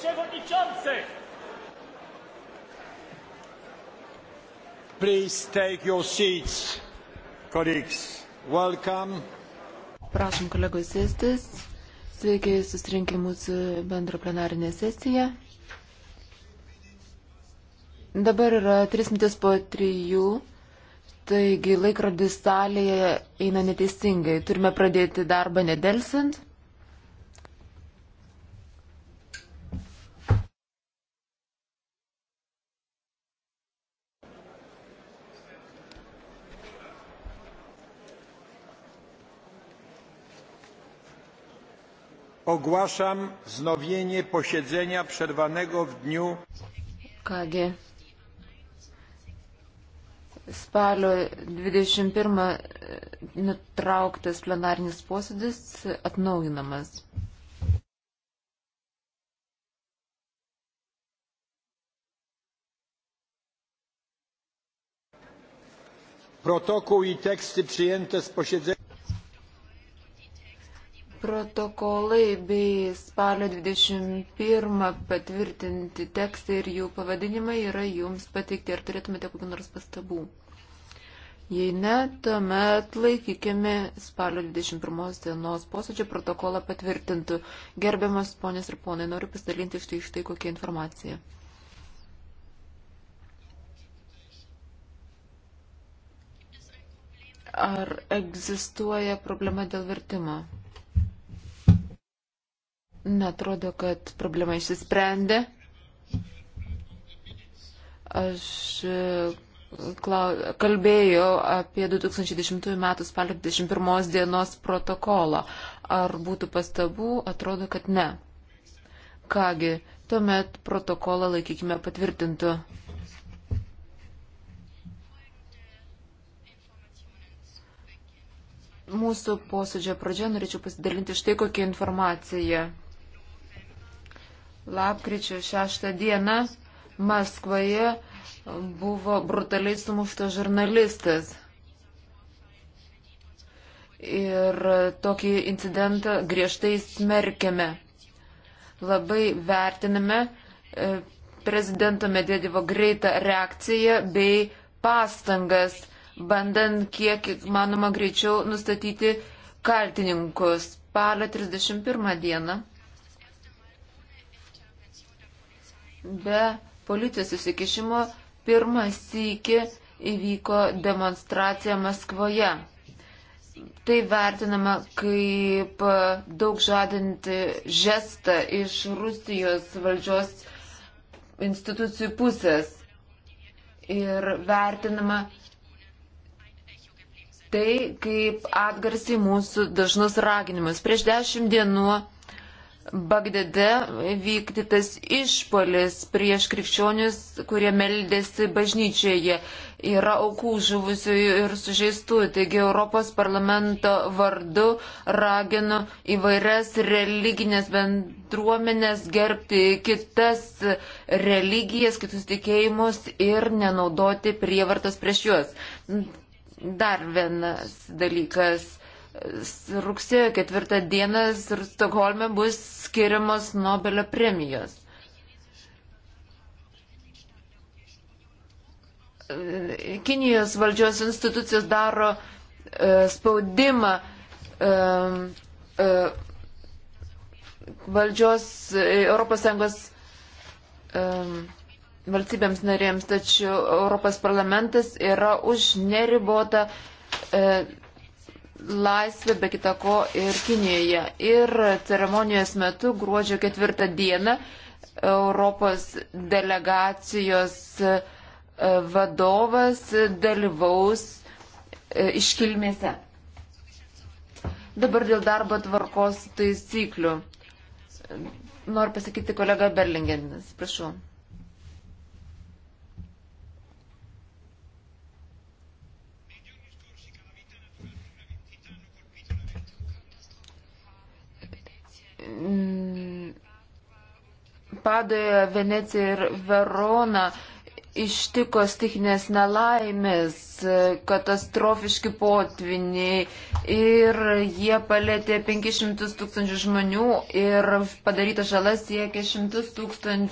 przewodniczący! Please take your seats, colleagues. Welcome. Prašom kolegos sėstis. Sveiki susirinkę mūsų bendro plenarinę sesiją. Dabar yra 3 minutės po 3, taigi laikrodis salėje eina neteisingai. Turime pradėti darbą nedelsint. Ogłaszam wznowienie posiedzenia przerwanego w dniu. Kągi. Spalio 21 e, nutrauktas plenarinis posėdis atnaujinamas. Protokół i teksty przyjęte z posiedzenia. Protokolai bei spalio 21 patvirtinti tekstai ir jų pavadinimai yra jums pateikti. Ar turėtumėte kokių nors pastabų? Jei ne, tuomet laikykime spalio 21 dienos posėdžio protokolą patvirtintų. Gerbiamas ponės ir ponai, noriu pasidalinti štai štai kokią informaciją. Ar egzistuoja problema dėl vertimo? Netrodo, kad problema išsisprendė. Aš e, kalbėjau apie 2010 m. spalio 21 dienos protokolą. Ar būtų pastabų? Atrodo, kad ne. Kągi, tuomet protokolą laikykime patvirtintų. Mūsų posėdžio pradžioje norėčiau pasidalinti štai kokią informaciją lapkričio 6 dieną Maskvoje buvo brutaliai sumuštas žurnalistas. Ir tokį incidentą griežtai smerkėme. Labai vertiname e, prezidento Medvedevo greitą reakciją bei pastangas, bandant kiek manoma greičiau nustatyti kaltininkus. Spalio 31 dieną be policijos įsikišimo pirmą sykį įvyko demonstracija Maskvoje. Tai vertinama kaip daug žadinti žestą iš Rusijos valdžios institucijų pusės. Ir vertinama tai kaip atgarsiai mūsų dažnus raginimus. Prieš dešimt dienų Bagdade vykdytas išpolis prieš krikščionius, kurie meldėsi bažnyčioje. Yra aukų žuvusiųjų ir sužeistų. Taigi Europos parlamento vardu raginu įvairias religinės bendruomenės gerbti kitas religijas, kitus tikėjimus ir nenaudoti prievartos prieš juos. Dar vienas dalykas rugsėjo ketvirtą dieną Stokholme bus skiriamos Nobelio premijos. Kinijos valdžios institucijos daro e, spaudimą e, e, valdžios ES valstybėms narėms, tačiau Europos parlamentas yra už neribotą laisvę, be kita ko, ir Kinijoje. Ir ceremonijos metu gruodžio ketvirtą dieną Europos delegacijos e, vadovas dalyvaus e, iškilmėse. Dabar dėl darbo tvarkos taisyklių. Noriu pasakyti kolega Berlingenis, prašau. Mm, Padoje, Venecija ir Verona ištiko stichinės nelaimės, katastrofiški potviniai ir jie palėtė 500 tūkstančių žmonių ir padaryta žala siekia 100 tūkstančių.